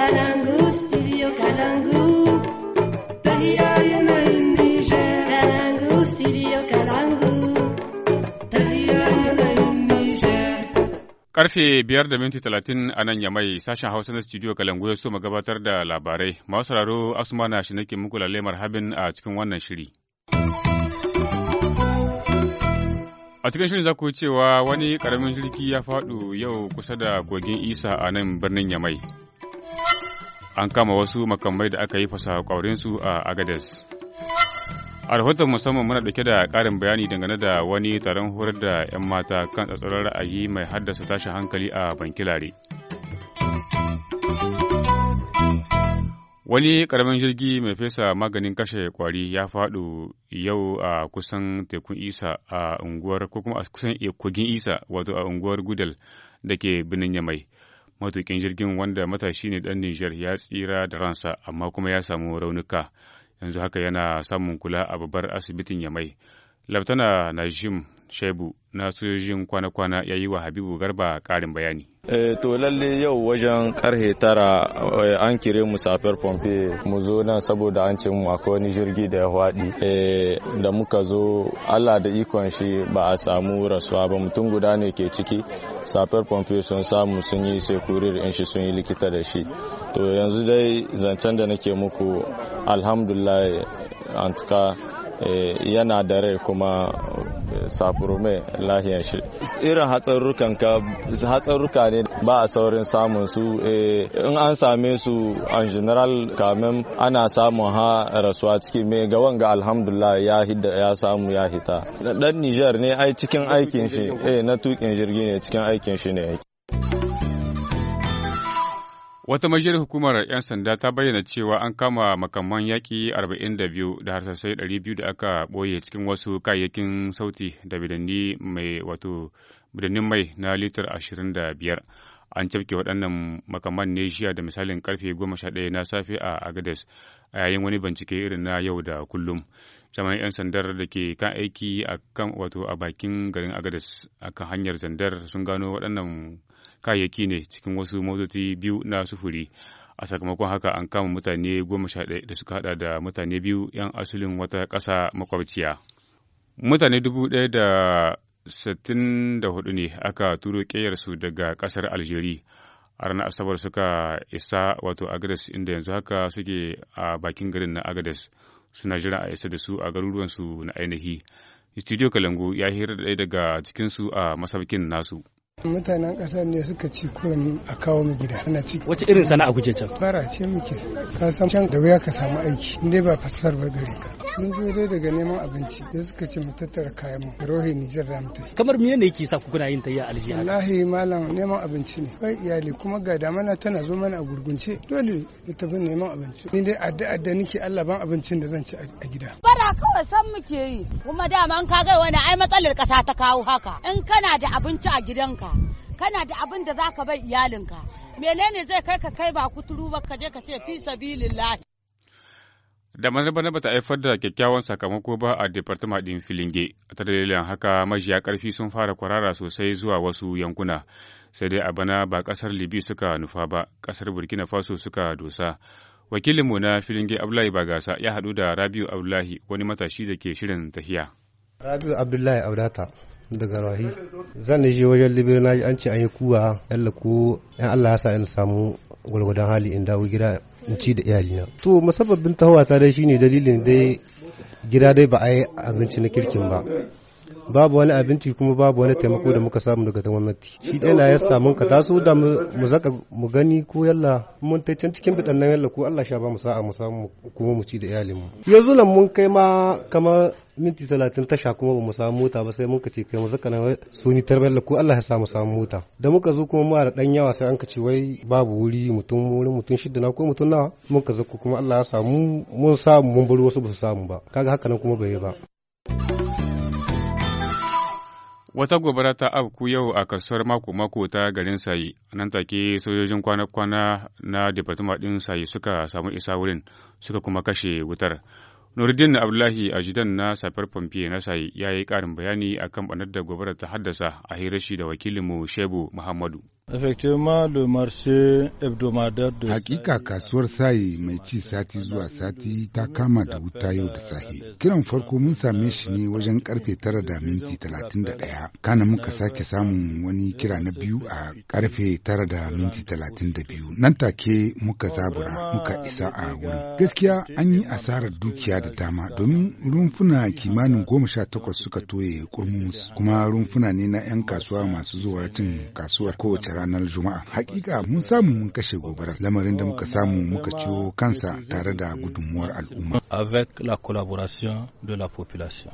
Kalangu, Karfe biyar da minti talatin a nan yamai sashen Hausa na studio Kalangu ya so gabatar da labarai. Masu sauraro Asmana shi nake muku lalemar habin a cikin wannan shiri. A cikin shirin za ku cewa wani karamin jirgi ya faɗo yau kusa da kogin Isa a nan birnin Yamai. an kama wasu makamai da aka yi fasaha su a agades a rahoton musamman muna dauke da karin bayani dangane da wani taron horar da 'yan mata kan tsatsarar ra'ayi mai haddasa tashin hankali a bankilare wani karamin jirgi mai fesa maganin kashe kwari ya fadu yau a kusan tekun isa a unguwar ko kuma a kusan eh, kogin isa wato a unguwar gudal da ke binin yamai matukin jirgin wanda matashi ne dan Nijar ya tsira da ransa amma kuma ya samu raunuka yanzu haka yana samun kula a babbar asibitin Yamai. Laftana Najim Shebu na sojojin kwana-kwana ya yi wa Habibu Garba ƙarin bayani. Eh, to lalle yau wajen karhe tara eh, an kire mu safiyar pompe mu zo nan saboda an ce mu akwai wani jirgi da ya faɗi eh, da muka zo Allah da ikon shi ba a samu rasuwa ba mutum guda ne ke ciki safiyar pompe sun samu sun yi sekurir in shi sun yi likita da shi to yanzu dai zancen da nake muku alhamdulillah antuka Eh, yana da rai kuma eh, saburume lahiyar shi irin hatsarurruka ne ba a saurin samun su eh, in an same su an general kamin ana samun ha rasuwa ciki mai ga wanga alhamdulillah ya hidda ya samu ya hita dan Nijar ne ai cikin aikin shi na tukin jirgi ne cikin aikin shi ne Wata majiyar hukumar 'yan sanda ta bayyana cewa an kama makamman yaƙi 42 da harsasai 200 da aka ɓoye cikin wasu kayayyakin sauti da bidanni mai wato bidannin mai na litar 25. An cafke waɗannan makamman ne jiya da misalin karfe 11 na safe a Agades a yayin wani bincike irin na yau da kullum. Jami'an 'yan sandar da ke kan aiki a kan wato a bakin garin Agades a kan hanyar zandar sun gano waɗannan kayayyaki ne cikin wasu motoci biyu na sufuri a sakamakon haka an kama mutane goma sha ɗaya da suka haɗa da mutane biyu 'yan asalin wata ƙasa makwabciya mutane dubu ɗaya da sittin da hudu ne aka turo ƙeyarsu daga ƙasar algeria a ranar asabar suka isa wato agades inda yanzu haka suke a bakin garin na agades suna jiran a isa da su a garuruwansu na ainihi studio kalangu ya hira da daga cikinsu a masaukin nasu mutanen ƙasar ne suka ci kurin a kawo mu gida ana ci wace irin sana'a kuke can fara ce muke ka san can da wuya ka samu aiki inda ba fasfar ba gare ka mun zo dai daga neman abinci da suka ce mu tattara kayan mu rohe Nijar da mutai kamar me ne yake sa ku kuna yin tayya aljiya wallahi malam neman abinci ne bai iyali kuma ga damana tana zo mana a gurgunce dole mu tafi neman abinci ni dai adda adda nake Allah ban abincin da zan ci a gida bara kawai san muke yi kuma da an ka ga wani ai matsalar ƙasa ta kawo haka in kana da abinci a gidanka kana da abin da za ka bai iyalinka menene zai kai ka kai ba kuturu ba ka je ka ce fi sabilillah da na bata haifar da kyakkyawan sakamako ba a departama ɗin filinge ta dalilin haka majiya karfi sun fara kwarara sosai zuwa wasu yankuna sai dai a bana ba kasar libi suka nufa ba kasar burkina faso suka dosa wakilinmu na filinge abdullahi bagasa ya haɗu da rabiu abdullahi wani matashi da ke shirin tahiya rabiu abdullahi audata daga rahi zan je wajen libir na an ce an yi kuwa yalla ko yan Allah ya sa in samu gwargwadon hali in dawo gida in ci da iyalina to musabbabin ta dai shine dalilin dai gida dai ba a yi abinci na kirkin ba babu wani abinci kuma babu wani taimako da muka samu daga gwamnati shi dai na ya samu ka taso da mu zaka mu gani ko yalla mun ta can cikin bidan nan yalla ko Allah sha ba mu sa'a mu samu kuma mu ci da iyalin mu yanzu nan mun kai ma kamar minti talatin tasha kuma ba mu samu mota ba sai mun ce kai mu zaka na suni tarbella ko Allah ya sa mu samu mota da muka zo kuma mu da dan yawa sai an ka ce wai babu wuri mutum wuri mutum shidda na ko mutum nawa mun ka zako kuma Allah ya samu mun samu mun bar wasu ba su samu ba kaga haka nan kuma bai yi ba Wata gobara ta afku yau a kasuwar mako-mako ta garin Sayi, nan take sojojin kwana-kwana na Departement ɗin Sayi suka samu isa wurin suka kuma kashe wutar. Nuruddin Abdullahi a jidan na safar Pompiye na Sayi ya yi ƙarin bayani akan ɓanar da gobara ta haddasa a hirashi da wakilinmu Shebu Muhammadu. Hakika kasuwar sayi mai ci sati zuwa sati ta kama da wuta yau da sahi. Kiran farko mun same shi ne wajen karfe tara da minti talatin da ɗaya. Kana muka sake samun wani kira na biyu a karfe tara da minti talatin da biyu. Nan take muka zabura muka isa a wurin. Gaskiya an yi asarar dukiya da dama domin rumfuna kimanin goma sha takwas suka toye kurmus kuma rumfuna ne na 'yan kasuwa masu zuwa cin kasuwar kowace ranar Juma'a. Hakika mun samu mun kashe gobarar lamarin da muka samu muka ciwo kansa tare da gudunmuwar al'umma. Avec la collaboration de la population.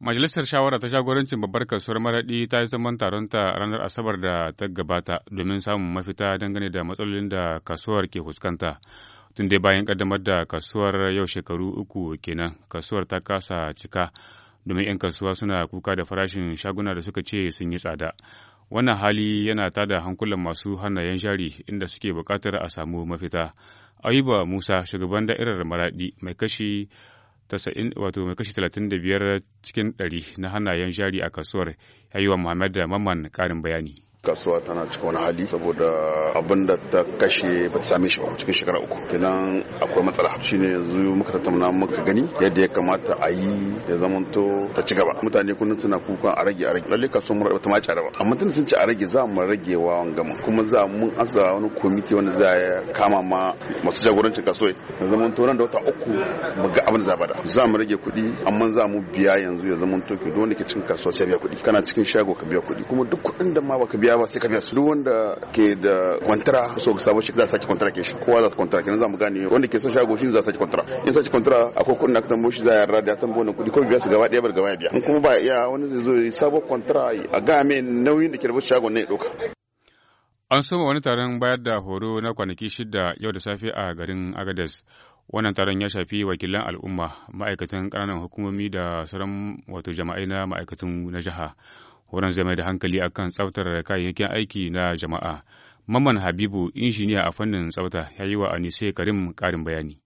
Majalisar Shawara ta jagorancin babbar kasuwar Maraɗi ta yi zaman taron ta ranar Asabar da ta gabata domin samun mafita dangane da matsalolin da kasuwar ke fuskanta. Tun dai bayan kaddamar da kasuwar yau shekaru uku kenan, kasuwar ta kasa cika domin 'yan kasuwa suna kuka da farashin shaguna da suka ce sun yi tsada. wannan hali yana tada hankulan masu hannayen jari inda suke buƙatar a samu mafita ayuba musa shugaban da'irar maraɗi mai kashi wato mai kashi 35 cikin ɗari na hannayen jari a kasuwar yi wa muhammad da mamman ƙarin bayani kasuwa tana cikin wani hali saboda abin da ta kashe ba ta same shi ba cikin shekara uku kenan akwai matsala shine yanzu muka tattauna muka gani yadda ya kamata a yi ya zamanto ta ci gaba mutane kullum suna kuka a rage a rage lalle kasuwar mu ta ma ci ba amma tun sun ci a rage za mu rage wa gama kuma za mu asa wani komiti wanda za ya kama ma masu jagorancin kasuwa ya zamanto nan da wata uku mu ga abin za bada za mu rage kuɗi amma za mu biya yanzu ya zamanto ki dole ke cikin kasuwa sai biya kuɗi kana cikin shago ka biya kuɗi kuma duk kuɗin da ma baka biya kiyama sai ka biya su duk wanda ke da kwantara so ga samu shi za saki kwantara ke shi kowa za su kwantara kenan za mu gane wanda ke son shago shi za saki kwantara in saki kwantara akwai kuɗin da ka tambo shi za yarda da tambo wannan kuɗi ko biya su gaba ɗaya bar gaba biya in kuma ba iya wani zai zo ya sabo kwantara a ga me nauyin da ke da shago ne ya ɗauka. An soma wani taron bayar da horo na kwanaki shida yau da safe a garin Agadez. Wannan taron ya shafi wakilan al'umma, ma'aikatan ƙananan hukumomi da sauran wato jama'ai na ma'aikatan na jiha. Horon zai mai da hankali akan tsaftar kayayyakin aiki na jama'a. Maman Habibu injiniya a fannin tsafta ya yi wa Anise Karim ƙarin bayani.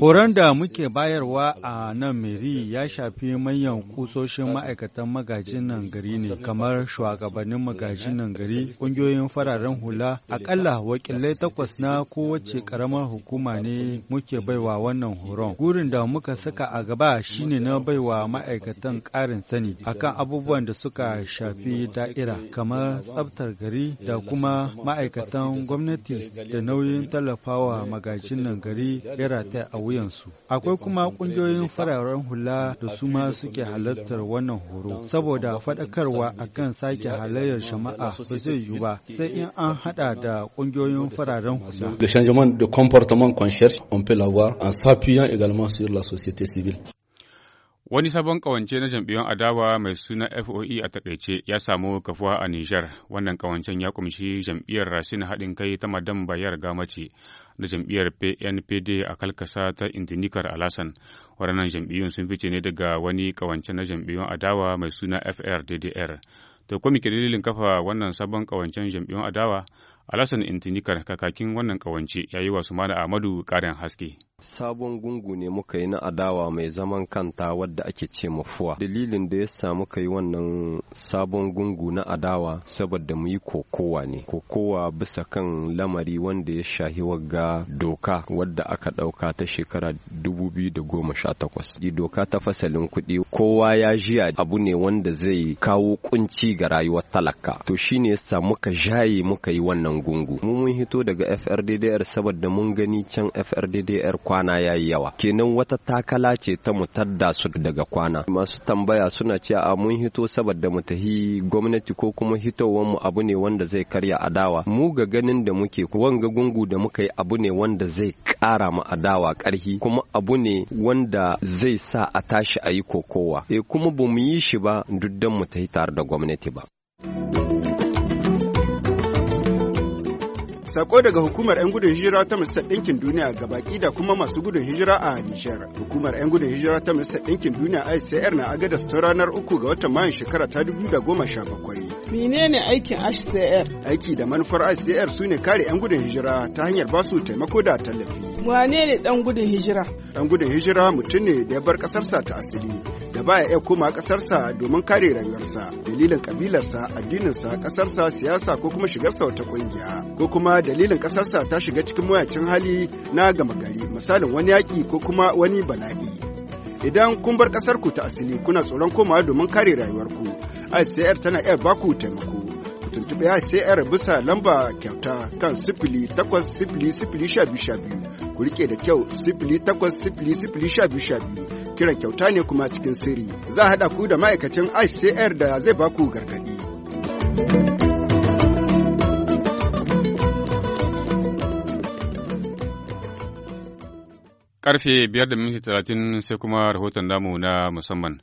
Horon da muke bayarwa a nan Meri ya shafi manyan kusoshin ma'aikatan magajin nan gari ne kamar shugabannin magajin nan gari, ƙungiyoyin fararen hula, akalla wakilai takwas na kowace ƙaramar hukuma ne muke baiwa wannan horon. Gurin da muka saka a gaba shine na baiwa ma'aikatan ƙarin sani akan abubuwan da suka shafi da'ira kamar tsabtar gari da kuma ma'aikatan gwamnati da nauyin tallafawa magajin nan gari ya ta a wuyansu. Akwai kuma kungiyoyin fararen hula da su ma suke halartar wannan horo, saboda faɗakarwa akan sake halayyar jama'a ba zai yiwu ba sai in an haɗa da ƙungiyoyin fararen hula. Le changement de comportement qu'on cherche, on peut l'avoir en s'appuyant également sur la société civile. Wani sabon kawance na jam'iyyar adawa mai suna FOE a takaice ya samu kafuwa a Nijar. Wannan kawancen ya kumshi jam'iyyar Rasin haɗin kai ta madan Bayar Gamace, na jam'iyyar PNPD a kalkasa ta Indinikar Alasan. Waɗannan jam'iyyun sun fice ne daga wani kawance na jam'iyyun adawa mai suna FRDDR. To kuma ke dalilin kafa wannan sabon kawancen jam'iyyun adawa? Alasan Indinikar kakakin wannan kawance ya yi wa Sumana Ahmadu ƙarin haske. sabon gungu ne muka yi na adawa mai zaman kanta wadda ake ce mafuwa dalilin da ya samu muka yi wannan sabon gungu na adawa saboda mu yi kokowa ne kokowa bisa kan lamari wanda ya shahi wagga doka wadda aka ɗauka ta shekara 2018 doka ta fasalin kuɗi kowa ya jiya abu ne wanda zai kawo kunci ga rayuwar talaka to shine yasa muka jaye muka yi wannan gungu mu mun hito daga FRDDR saboda mun gani can FRDDR kwana ya yi yawa kenan wata takala ce ta mu tadda su daga kwana masu tambaya suna cewa a mun hito saboda mu tahi gwamnati ko kuma hitowar mu abu ne wanda zai karya adawa mu ga ganin da muke wanga gungu da muka yi abu ne wanda zai kara mu adawa karhi kuma abu ne wanda zai sa a tashi a yi kokowa e kuma bamu yi shi ba dan mu tahi tare da gwamnati ba Sako daga hukumar 'yan gudun hijira ta Majalisar Ɗinkin Duniya ga baki da kuma masu gudun hijira a Nijar. Hukumar 'yan gudun hijira ta Majalisar Ɗinkin Duniya ICR na agada ta ranar uku ga watan Mayun shekara ta da sha bakwai. Menene aikin ICR? Aiki da manufar ICR su ne kare 'yan gudun hijira ta hanyar ba su taimako da tallafi. Wane ne ɗan gudun hijira? Ɗan gudun hijira mutum ne da ya bar ƙasarsa ta asali. baya iya koma ƙasarsa domin kare rayuwarsa dalilin ƙabilarsa addininsa ƙasarsa siyasa ko kuma shigarsa wata ƙungiya ko kuma dalilin ƙasarsa ta shiga cikin mayacin hali na gama gari misalin wani yaƙi ko kuma wani bala'i idan kun bar ƙasarku ta asali kuna tsoron komawa domin kare rayuwarku ICR tana iya baku taimako ku tuntuɓe ICR bisa lamba kyauta kan sifili takwas sifili sifili sha biyu sha biyu ku riƙe da kyau sifili takwas sifili sifili sha biyu sha biyu Kiran kyauta ne kuma cikin sirri. Za a haɗa ku da ma'aikacin ICR da zai baku gargaɗi. Karfe biyar da minti talatin sai kuma rahoton namu na musamman.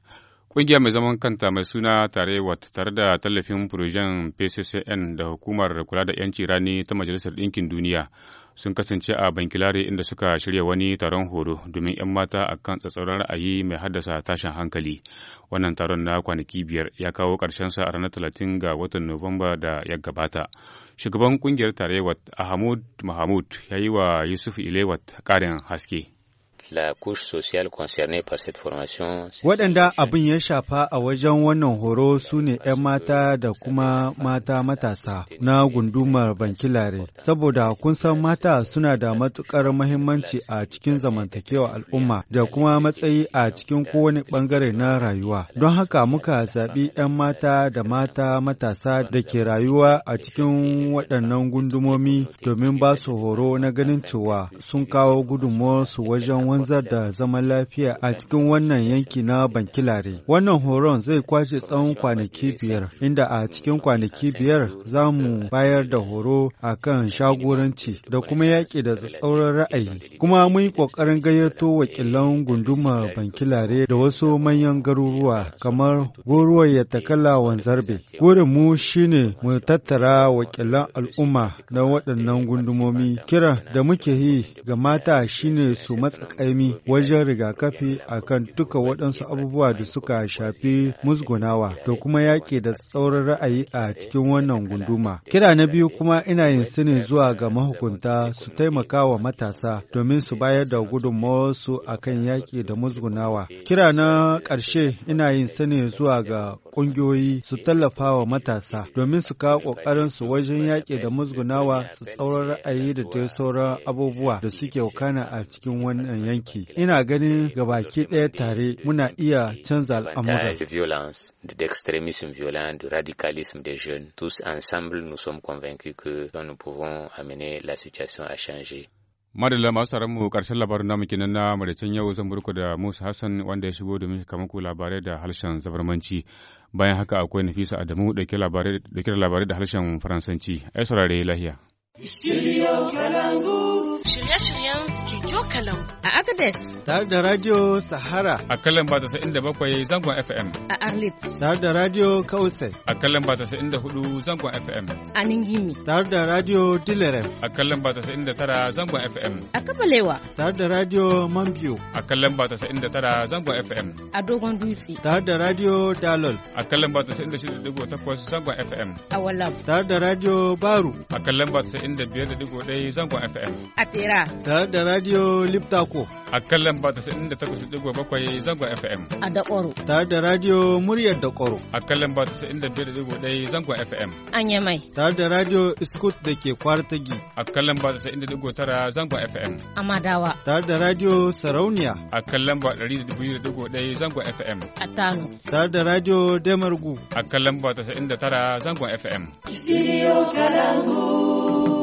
Ƙungiya mai zaman kanta mai suna wata tare da tallafin furojen PCCN da hukumar kula da 'yanci rani ta Majalisar Ɗinkin Duniya sun kasance a Bankilare inda suka shirya wani taron horo domin 'yan mata a kan tsatsauran ra'ayi mai haddasa tashin hankali. Wannan taron na kwanaki biyar ya kawo ƙarshen sa a ranar talatin ga watan Nuwamba da ya gabata. Shugaban ƙungiyar Tarewa Ahmad mahmud ya yi wa Yusuf Ilewat ƙarin haske. la couche sociale concernée par cette formation. Waɗanda abin ya shafa a wajen wannan horo su ne 'yan mata da kuma mata matasa na gundumar bankilare. Saboda kun san mata suna da matuƙar mahimmanci a cikin zamantakewa al'umma da kuma matsayi a cikin kowane ɓangare na rayuwa. Don haka muka zaɓi 'yan mata da mata matasa da ke rayuwa a cikin waɗannan gundumomi domin ba su horo na ganin cewa sun kawo su wajen wanzar da zaman lafiya a cikin wannan yanki na Bankilare. Wannan horon zai kwashe tsawon kwanaki biyar, inda a cikin kwanaki biyar za mu bayar da horo a kan shagoranci da kuma yaƙi da tsauran ra'ayi. Kuma mun yi ƙoƙarin gayyato wakilan gundumar Bankilare da wasu manyan garuruwa kamar goruwar ya takala wanzarbe. Gurin mu shine mu tattara wakilan al'umma na waɗannan gundumomi. Kira da muke yi ga mata shine su matsaka ƙaimi wajen rigakafi akan duka waɗansu abubuwa da suka shafi musgunawa da kuma yaƙi da tsauran ra'ayi a cikin wannan gunduma. Kira na biyu kuma ina yin ne zuwa ga mahukunta su taimaka wa matasa domin su bayar da gudunmawarsu a kan yaƙi da musgunawa. Kira na ƙarshe ina yin ne zuwa ga ƙungiyoyi su tallafa wa matasa domin su kawo ƙoƙarinsu wajen yaƙi da musgunawa su tsauran ra'ayi da dai sauran abubuwa da suke wakana a cikin wannan yanki. Ina ganin gabaki ɗaya tare muna iya canza al'amura. Madalla masu tsaron mu ƙarshen labarin namu kenan na madacin yau zan burku da Musa Hassan wanda ya shigo domin kamar ku labarai da harshen zabarmanci. Bayan haka akwai Nafisa Adamu da da labarai da harshen Faransanci. Ai saurare lahiya. Studio Shirye-shiryen Studio Kalau. A Agadez. Tare da Radio Sahara. A kalan ba inda bakwai zangon FM. A Arlit. Tare da Radio Kausai. A kalan ba inda hudu zangon FM. A Ningimi. Tare da Radio Dilerem. A kalan ba inda tara zangon FM. A Kabalewa. Tare da Radio Mambiyo. A kalan ba inda tara zangon FM. A Dogon Dutse. Tare da Radio Dalol. A kalan ba inda shida digo takwas zangon FM. A Walam. Tare da Radio Baru. A kalan ba inda biyar da digo ɗaya zangon FM. A Tera. Tare da Radio Liptako. A kan lamba bakwai zangon FM. A Dakoro. Tare da Radio Muryar Dakoro. A kan lamba 95.1 zangon FM. a nyamai. Tare da Radio Scoot da ke Kwartagi. A kan lamba tara zangon FM. A Madawa. Tare da Radio Sarauniya. A kan lamba 102.1 zangon FM. A Tano. Tare da Radio Demargu. A kan lamba tara zangon FM. Studio Kalangu.